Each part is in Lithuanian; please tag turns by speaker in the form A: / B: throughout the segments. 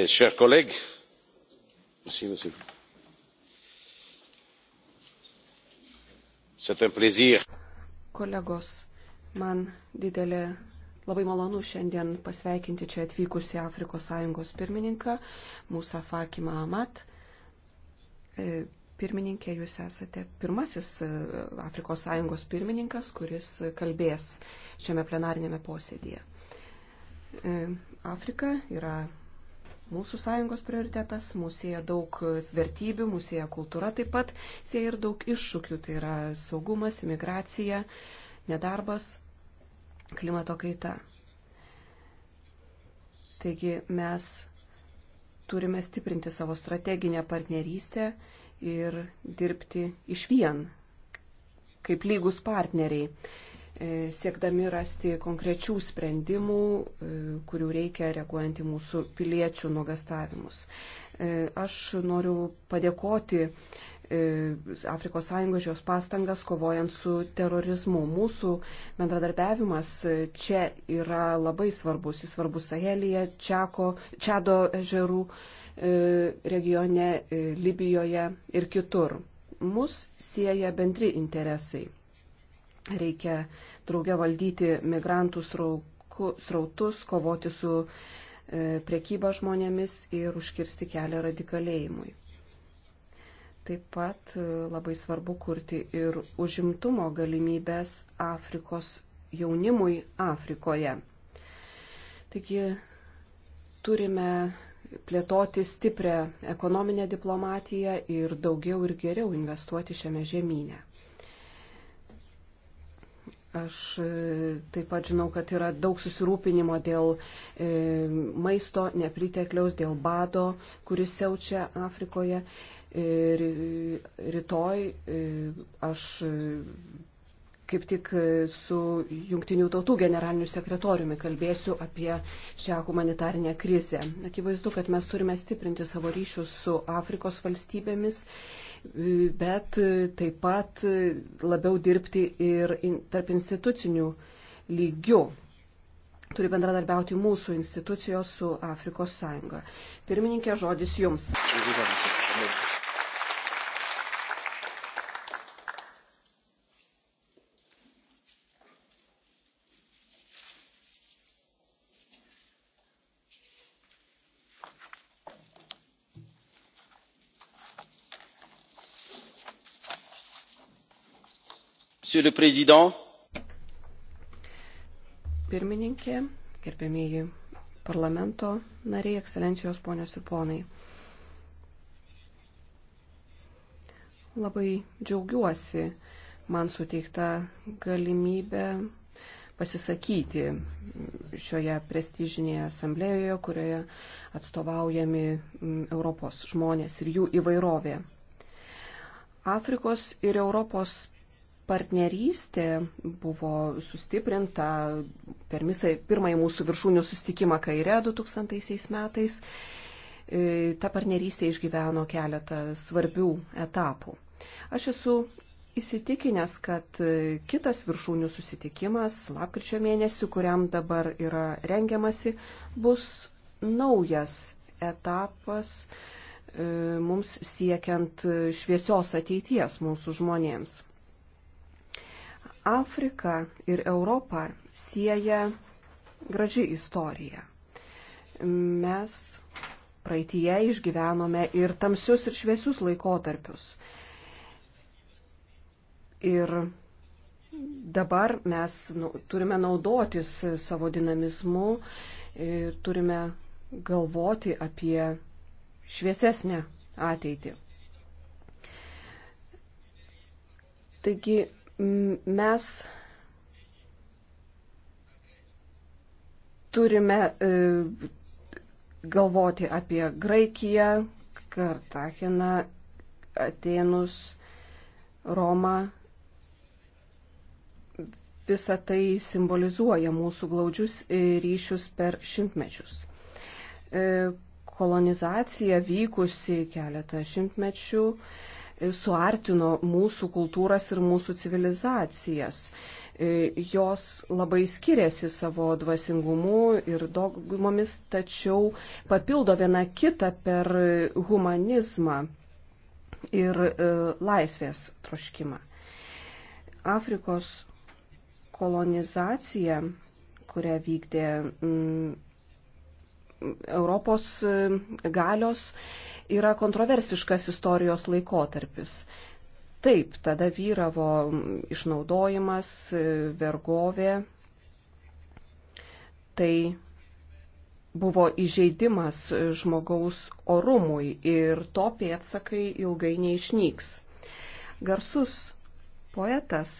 A: Eh, chers collègues c'est un plaisir. kolegos man didelė labai malonu šiandien pasveikinti čia atvykusi afrikos sąjungos pirmininką musa fakimą amat. E, pirmininkė, jūs esate pirmasis e, Afrikos sąjungos pirmininkas, kuris kalbės šiame plenarinėme posėdėje. E, Afrika yra mūsų sąjungos prioritetas, mūsų sieja daug vertybių, mūsų sieja kultūra taip pat, sieja ir daug iššūkių, tai yra saugumas, imigracija, nedarbas, klimato kaita. Taigi mes turime stiprinti savo strateginę partnerystę ir dirbti iš vien, kaip lygus partneriai. E, siekdami rasti konkrečių sprendimų, e, kurių reikia reaguojant į mūsų piliečių nuogastavimus. E, aš noriu padėkoti Afrikos Sąjungos jos pastangas kovojant su terorizmu. Mūsų bendradarbiavimas čia yra labai svarbus. Jis svarbus Sahelija, Čako, Čado ežerų regione, Libijoje ir kitur. Mus sieja bendri interesai. Reikia draugę valdyti migrantų srautus, kovoti su e, priekyba žmonėmis ir užkirsti kelią radikalėjimui. Taip pat e, labai svarbu kurti ir užimtumo galimybės Afrikos jaunimui Afrikoje. Taigi turime plėtoti stiprią ekonominę diplomatiją ir daugiau ir geriau investuoti šiame žemynė. Aš e, taip pat žinau, kad yra daug susirūpinimo dėl e, maisto nepritekliaus, dėl bado, kuris siaučia Afrikoje. Ir e, rytoj e, aš kaip tik e, su jungtinių tautų generaliniu sekretoriumi kalbėsiu apie šią humanitarinę krizę. Akivaizdu, kad mes turime stiprinti savo ryšius su Afrikos valstybėmis, e, bet e, taip pat labiau dirbti ir tarp institucinių lygių turi bendradarbiauti mūsų institucijos su Afrikos Sąjunga. Pirmininkė, žodis jums. Ačiū, Monsieur le Président. Pirmininkė, gerbėmėji parlamento nariai, ekscelencijos ponios ir ponai. Labai džiaugiuosi man suteikta galimybė pasisakyti šioje prestižinėje asamblėjoje, kurioje atstovaujami mm, Europos žmonės ir jų įvairovė. Afrikos ir Europos partnerystė buvo sustiprinta per misą, pirmąjį mūsų viršūnių sustikimą kairę 2000 metais. E, ta partnerystė išgyveno keletą svarbių etapų. Aš esu įsitikinęs, kad e, kitas viršūnių susitikimas lapkričio mėnesį, kuriam dabar yra rengiamasi, bus naujas etapas e, mums siekiant šviesios ateities mūsų žmonėms. Afriką ir Europą sieja graži istorija. Mes praeitie išgyvenome ir tamsius ir šviesius laikotarpius. Ir dabar mes nu, turime naudotis savo dinamizmu ir e, turime galvoti apie šviesesnę ateitį. Taigi Mes turime e, galvoti apie Graikiją, Kartachiną, Atenus, Romą visa tai simbolizuoja mūsų glaudžius e, ryšius per šimtmečius. E, kolonizacija vykusi keletą šimtmečių suartino mūsų kultūras ir mūsų civilizacijas. E, jos labai skiriasi savo dvasingumu ir dogmomis, tačiau papildo viena kitą per humanizmą ir e, laisvės troškimą. Afrikos kolonizacija, kurią vykdė mm, Europos e, galios, yra kontroversiškas istorijos laikotarpis. Taip, tada vyravo išnaudojimas, vergovė. Tai buvo įžeidimas žmogaus orumui ir to pėtsakai ilgai neišnyks. Garsus poetas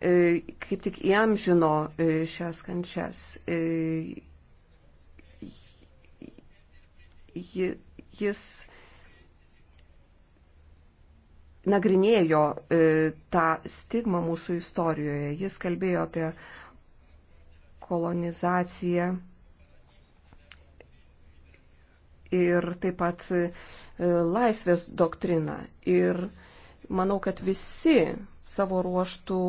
A: e, kaip tik jam žino e, šias kančias. E, ji Jis nagrinėjo e, tą stigmą mūsų istorijoje. Jis kalbėjo apie kolonizaciją ir taip pat e, laisvės doktriną. Ir manau, kad visi savo ruoštų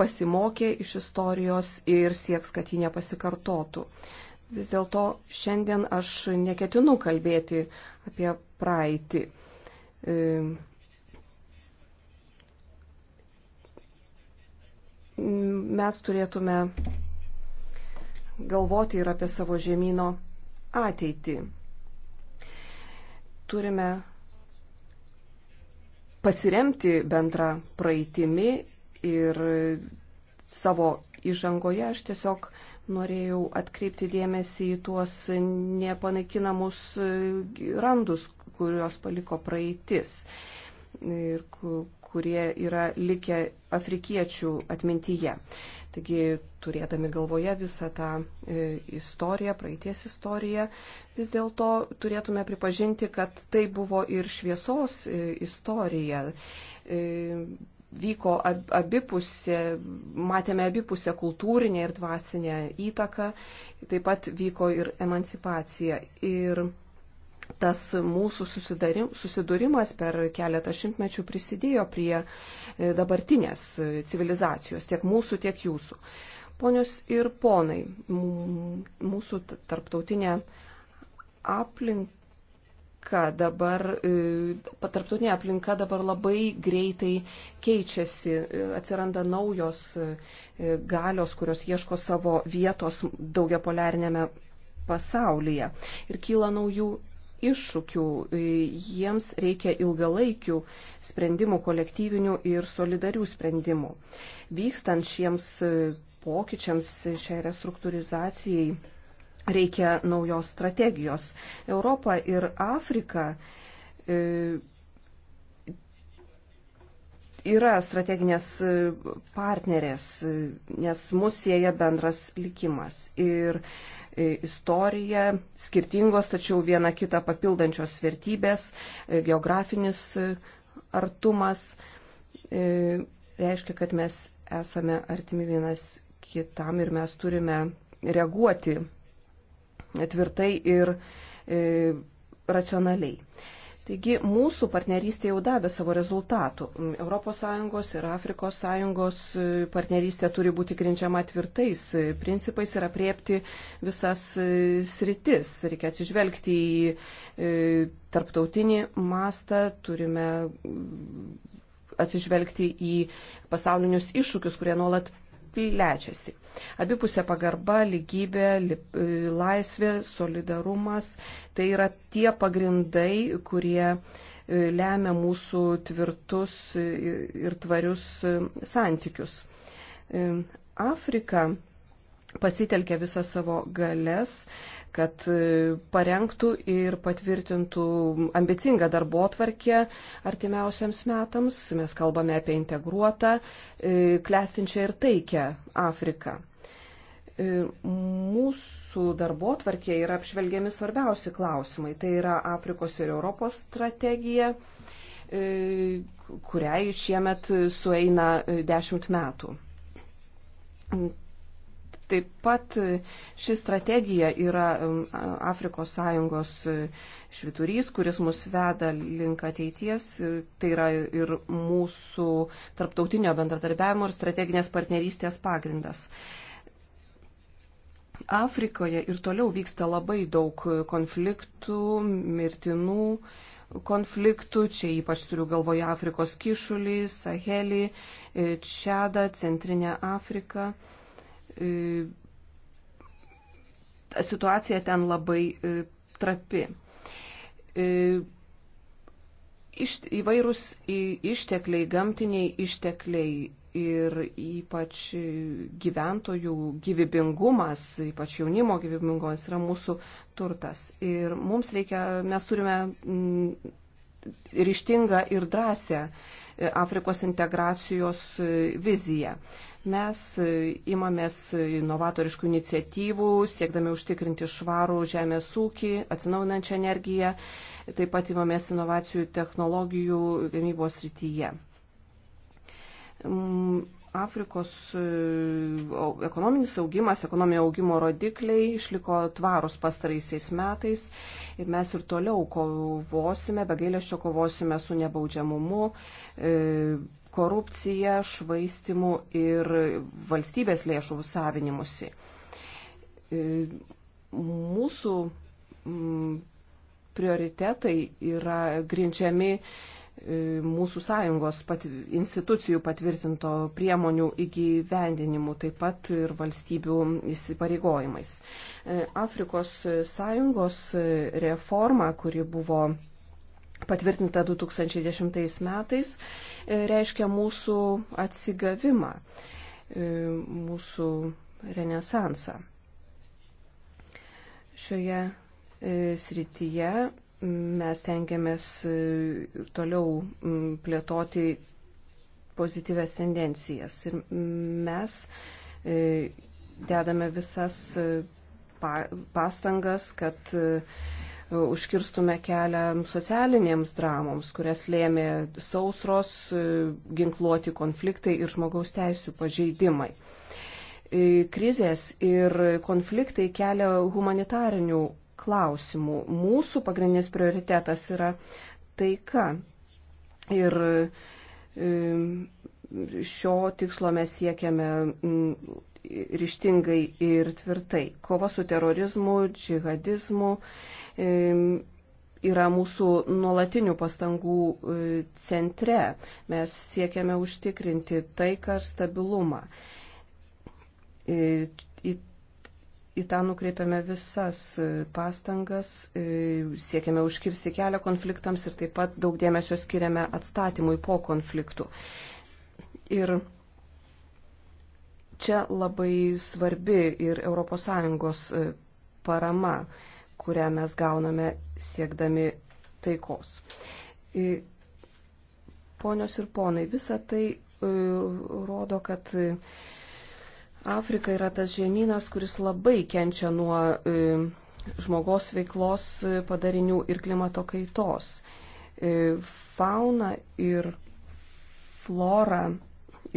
A: pasimokė iš istorijos ir sieks, kad ji nepasikartotų. E, vis dėlto šiandien aš neketinu kalbėti apie praeitį. E, mes turėtume galvoti ir apie savo žemynų ateitį. Turime pasiremti bendrą praeitimi ir savo įžangoje aš tiesiog uh, Norėjau atkreipti dėmesį į tuos nepanaikinamus e, randus, kuriuos paliko praeitis ir kurie yra likę afrikiečių atmintyje. Taigi, turėdami galvoje visą tą e, istoriją, praeities istoriją, vis dėlto turėtume pripažinti, kad tai buvo ir šviesos e, istorija vyko abipusė, matėme abipusę kultūrinę ir dvasinę įtaką, taip pat vyko ir emancipacija. Ir tas mūsų susidūrimas per keletą šimtmečių prisidėjo prie e, dabartinės e, civilizacijos, tiek mūsų, tiek jūsų. Ponios ir ponai, mūsų tarptautinė aplinka aplinka dabar, e, tarptautinė aplinka dabar labai greitai keičiasi, e, atsiranda naujos e, galios, kurios ieško savo vietos daugiapoliarnėme pasaulyje ir kyla naujų iššūkių, jiems reikia ilgalaikių sprendimų, kolektyvinių ir solidarių sprendimų. Vykstant šiems pokyčiams, šiai restruktūrizacijai, reikia naujos strategijos. Europa ir Afrika e, yra strateginės e, partnerės, e, nes mus sieja bendras likimas. Ir istorija, skirtingos, tačiau viena kita papildančios vertybės, geografinis artumas reiškia, kad mes esame artimi vienas kitam ir mes turime reaguoti tvirtai ir e, racionaliai. Taigi mūsų partnerystė jau davė savo rezultatų. ES ir AS e, partnerystė turi būti grindžiama tvirtais e, principais ir apriepti visas e, sritis. Reikia atsižvelgti į tarptautinį mastą, turime atsižvelgti į pasaulinius iššūkius, kurie nuolat plečiasi. Abipusė pagarba, lygybė, e, laisvė, solidarumas - tai yra tie pagrindai, kurie e, lemia mūsų tvirtus e, ir tvarius santykius. Afrika pasitelkė visą savo galės kad e, parengtų ir patvirtintų ambicingą darbo tvarkę artimiausiams metams. Mes kalbame apie integruotą, e, klestinčią ir taikę Afriką. E, mūsų darbo tvarkė yra apžvelgiami svarbiausi klausimai. Tai yra Afrikos ir Europos strategija, kuriai šiemet sueina dešimt metų. Taip pat e, ši strategija yra Afrikos Sąjungos e, šviturys, kuris mus veda link ateities. Tai yra ir mūsų tarptautinio bendradarbiavimo ir strateginės partnerystės pagrindas. Afrikoje ir toliau vyksta labai daug konfliktų, mirtinų konfliktų, čia ypač turiu galvoje Afrikos kišulį, Sahelį, e, Čadą, Centrinę Afriką. E, situacija ten labai e, trapi. E, iš, įvairūs ištekliai, gamtiniai ištekliai ir ypač gyventojų gyvybingumas, ypač jaunimo gyvybingumas yra mūsų turtas. Ir mums reikia, mes turime mm, ryštingą ir drąsią Afrikos integracijos viziją. Mes imamės inovatoriškų iniciatyvų, siekdami užtikrinti švarų žemės ūkį, atsinaujinančią energiją, taip pat imamės inovacijų technologijų gamybos rytyje. Mm, Afrikos e, ekonominis augimas, ekonominio augimo rodikliai išliko tvarus pastaraisiais metais ir mes ir toliau kovosime, be gailėščio kovosime su nebaudžiamumu, e, korupcija, švaistimu ir valstybės lėšų savinimusi. E, mūsų prioritetai yra grindžiami e, mūsų sąjungos pat, institucijų patvirtinto priemonių įgyvendinimu, taip pat ir valstybių įsipareigojimais. E, Afrikos sąjungos reforma, kuri buvo patvirtinta 2010 metais, e, reiškia mūsų atsigavimą, e, mūsų renesansą. Šioje e, srityje mes tengiamės toliau plėtoti pozityves tendencijas ir mes dedame visas pastangas, kad užkirstume kelią socialinėms dramoms, kurias lėmė sausros, e, ginkluoti konfliktai ir žmogaus teisų pažeidimai. E, krizės ir konfliktai kelia humanitarinių klausimų. Mūsų pagrindinis prioritetas yra taika. Ir e, šio tikslo mes siekiame ryštingai ir tvirtai. Kova su terorizmu, džihadizmu yra mūsų nuolatinių pastangų e, centre. Mes siekiame užtikrinti taiką ir stabilumą. E, į, į tą nukreipiame visas e, pastangas, siekiame užkirsti kelią konfliktams ir taip pat daug dėmesio skiriame atstatymui po konfliktų. Ir čia labai svarbi ir ES parama kurią mes gauname siekdami taikos. Ponios ir ponai, visa tai e, rodo, kad Afrika yra tas žemynas, kuris labai kenčia nuo e, žmogaus veiklos padarinių ir klimato kaitos. E, fauna ir flora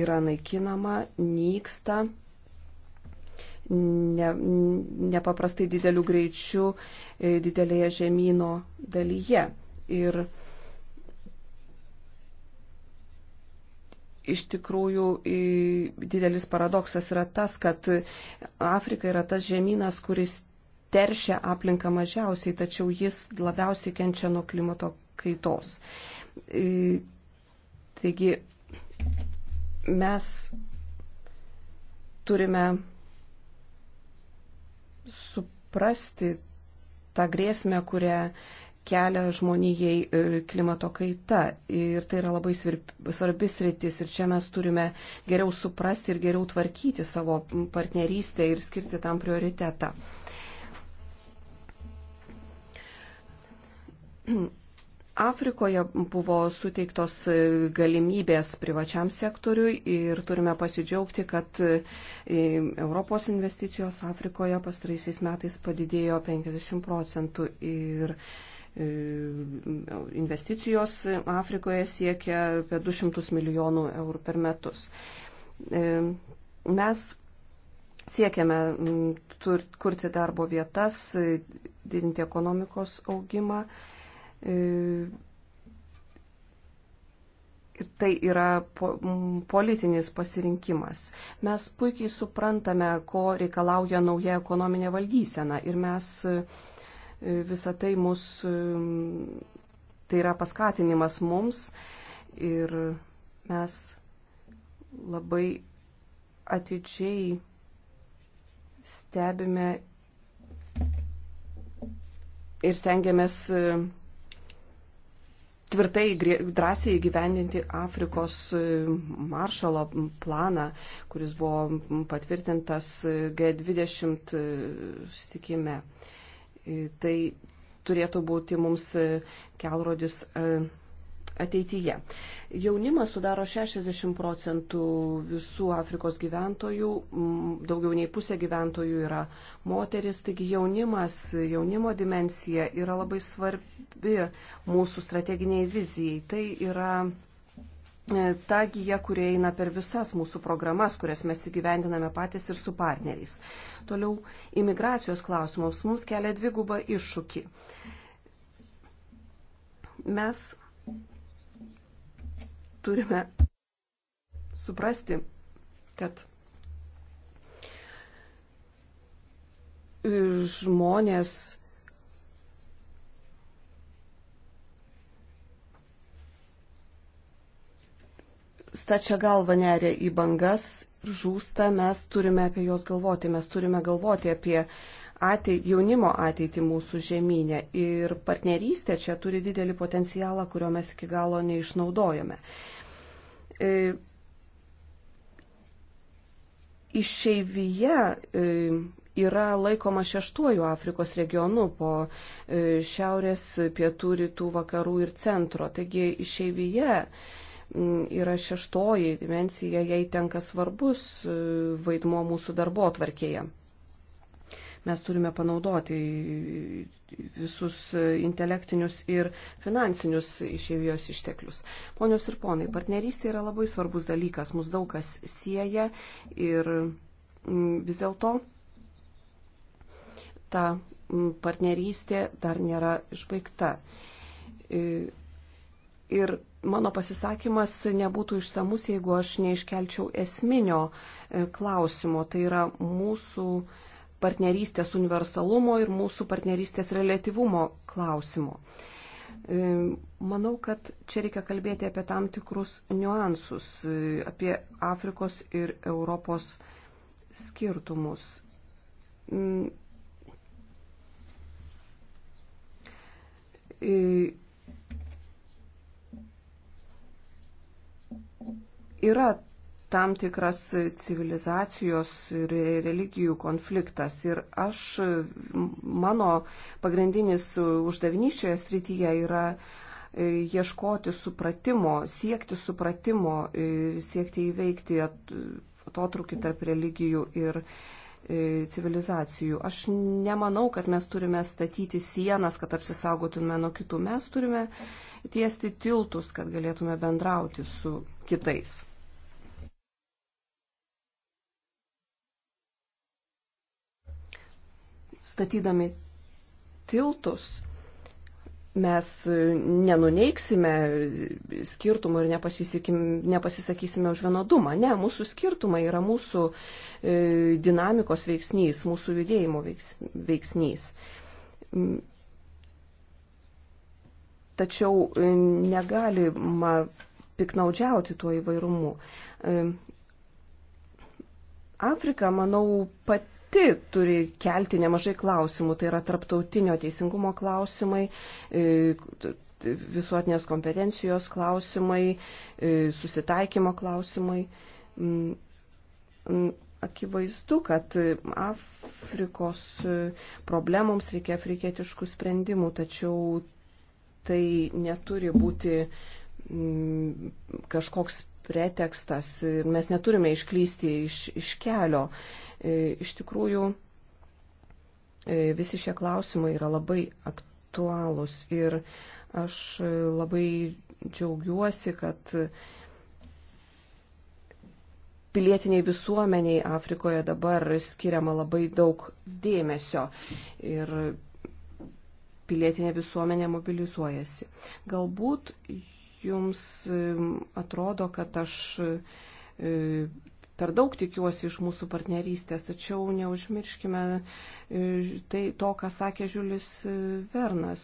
A: yra naikinama, nyksta ne, nepaprastai dideliu greičiu e, didelėje žemynų dalyje. Ir iš tikrųjų didelis paradoksas yra tas, kad Afrika yra tas žemynas, kuris teršia aplinką mažiausiai, tačiau jis labiausiai kenčia nuo klimato kaitos. E, taigi mes turime suprasti tą grėsmę, kurią kelia žmonijai e, klimato kaita. Ir tai yra labai svarbis rytis. Ir čia mes turime geriau suprasti ir geriau tvarkyti savo partnerystę ir skirti tam prioritetą. Afrikoje buvo suteiktos galimybės privačiam sektoriui ir turime pasidžiaugti, kad e, Europos investicijos Afrikoje pastaraisiais metais padidėjo 50 procentų ir e, investicijos Afrikoje siekia apie 200 milijonų eurų per metus. E, mes siekiame kurti darbo vietas, didinti ekonomikos augimą E, ir tai yra po, politinis pasirinkimas. Mes puikiai suprantame, ko reikalauja nauja ekonominė valdysena. Ir mes e, visą tai mus, e, tai yra paskatinimas mums. Ir mes labai atidžiai stebime ir stengiamės tvirtai, drąsiai gyvendinti Afrikos e, maršalo planą, kuris buvo patvirtintas e, G20 e, stikime. Tai turėtų būti mums kelrodis ateityje. Jaunimas sudaro 60 procentų visų Afrikos gyventojų, daugiau nei pusė gyventojų yra moteris, taigi jaunimas, jaunimo dimensija yra labai svarbi mūsų strateginiai vizijai. Tai yra e, ta gyja, kurie eina per visas mūsų programas, kurias mes įgyvendiname patys ir su partneriais. Toliau, imigracijos klausimams mums kelia dvigubą iššūkį. Mes turime suprasti, kad žmonės stačia galva neria į bangas ir žūsta, mes turime apie juos galvoti, mes turime galvoti apie uh, ateit, jaunimo ateitį mūsų žemynė ir partnerystė čia turi didelį potencialą, kurio mes iki galo neišnaudojome. E, Išeivyje e, yra laikoma šeštuoju Afrikos regionu po e, šiaurės, pietų, rytų, vakarų ir centro. Taigi išeivyje yra šeštoji dimensija, jai tenka svarbus e, vaidmo mūsų darbo atvarkėje. Mes turime panaudoti visus intelektinius ir finansinius išėjos išteklius. Ponios ir ponai, partnerystė yra labai svarbus dalykas, mus daug kas sieja ir mm, vis dėlto ta mm, partnerystė dar nėra išbaigta. E, ir mano pasisakymas nebūtų išsamus, jeigu aš neiškelčiau esminio e, klausimo. Tai yra mūsų partnerystės universalumo ir mūsų partnerystės relativumo klausimo. E, manau, kad čia reikia kalbėti apie tam tikrus niuansus, e, apie Afrikos ir Europos skirtumus. Mm. E, yra tam tikras civilizacijos ir religijų konfliktas. Ir aš, mano pagrindinis uždavinys šioje srityje yra e, ieškoti supratimo, siekti supratimo, siekti įveikti atotrukį tarp religijų ir e, civilizacijų. Aš nemanau, kad mes turime statyti sienas, kad apsisaugotume nuo kitų. Mes turime tiesti tiltus, kad galėtume bendrauti su kitais. statydami tiltus mes e, nenuneiksime skirtumų ir nepasisakysime už vienodumą. Ne, mūsų skirtumai yra mūsų e, dinamikos veiksnys, mūsų judėjimo veiksnys. Tačiau e, negalima piknaudžiauti tuo įvairumu. Afrika, manau, pat pati turi kelti nemažai klausimų, tai yra tarptautinio teisingumo klausimai, e, visuotinės kompetencijos klausimai, e, susitaikymo klausimai. Mm, mm, akivaizdu, kad Afrikos e, problemoms reikia afrikietiškų sprendimų, tačiau tai neturi būti mm, kažkoks pretekstas ir mes neturime išklysti iš, iš kelio. E, iš tikrųjų, e, visi šie klausimai yra labai aktualūs ir aš labai džiaugiuosi, kad pilietiniai visuomeniai Afrikoje dabar skiriama labai daug dėmesio ir pilietinė visuomenė mobilizuojasi. Galbūt jums atrodo, kad aš e, per daug tikiuosi iš mūsų partnerystės, tačiau neužmirškime e, tai to, ką sakė Žiulis e, Vernas.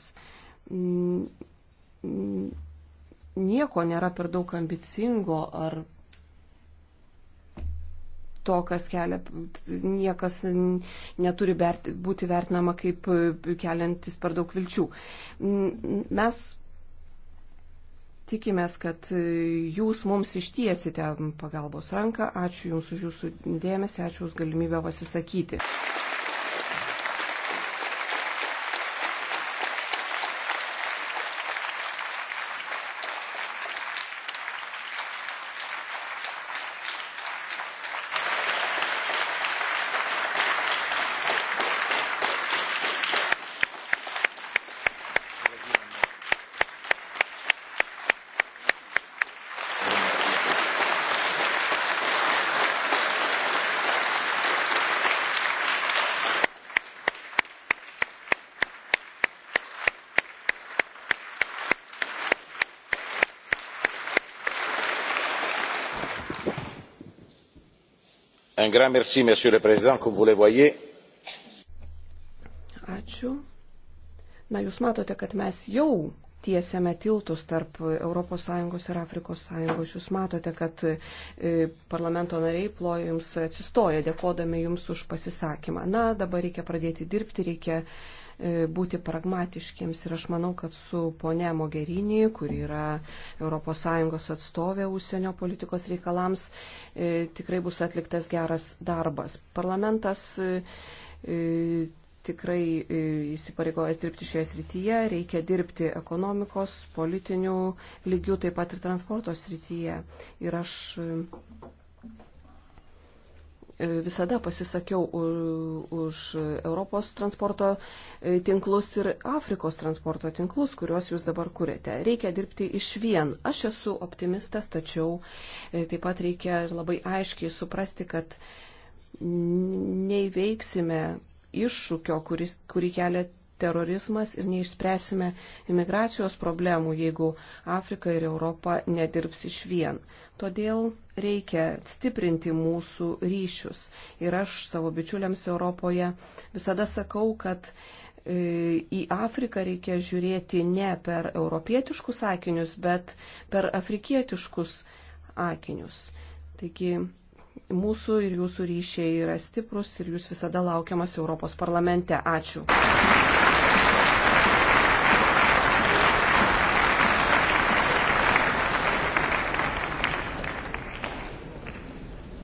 A: Nieko nėra per daug ambicingo ar to, kas kelia, niekas neturi berti, būti vertinama kaip e, keliantis per daug vilčių. Mes Tikimės, kad e, jūs mums ištiesite pagalbos ranką. Ačiū Jums už Jūsų dėmesį, ačiū už galimybę pasisakyti. un grand merci monsieur le président comme vous le voyez Ačiū. Na, jūs matote, kad mes jau tiesiame tiltus tarp ES ir Afrikos Sąjungos. Jūs matote, kad e, parlamento nariai plojo jums atsistoja, dėkodami jums už pasisakymą. Na, dabar reikia pradėti dirbti, reikia e, būti pragmatiškiams ir aš manau, kad su ponė Mogerinį, kuri yra ES atstovė užsienio politikos reikalams, e, tikrai bus atliktas geras darbas. Parlamentas tikrai e, įsipareigojęs dirbti šioje srityje, reikia dirbti ekonomikos, politinių lygių, taip pat ir transporto srityje. Ir aš e, visada pasisakiau už Europos transporto e, tinklus ir Afrikos transporto tinklus, kuriuos jūs dabar kuriate. Reikia dirbti iš vien. Aš esu optimistas, tačiau taip pat reikia labai aiškiai suprasti, kad neįveiksime iššūkio, kuris, kurį kelia terorizmas ir neišspręsime imigracijos problemų, jeigu Afrika ir Europa nedirbs iš vien. Todėl reikia stiprinti mūsų ryšius. Ir aš savo bičiuliams Europoje visada sakau, kad e, į Afriką reikia žiūrėti ne per europietiškus akinius, bet per afrikietiškus akinius. Taigi Mūsų ir jūsų ryšiai yra stiprus ir jūs visada laukiamas Europos parlamente. Ačiū.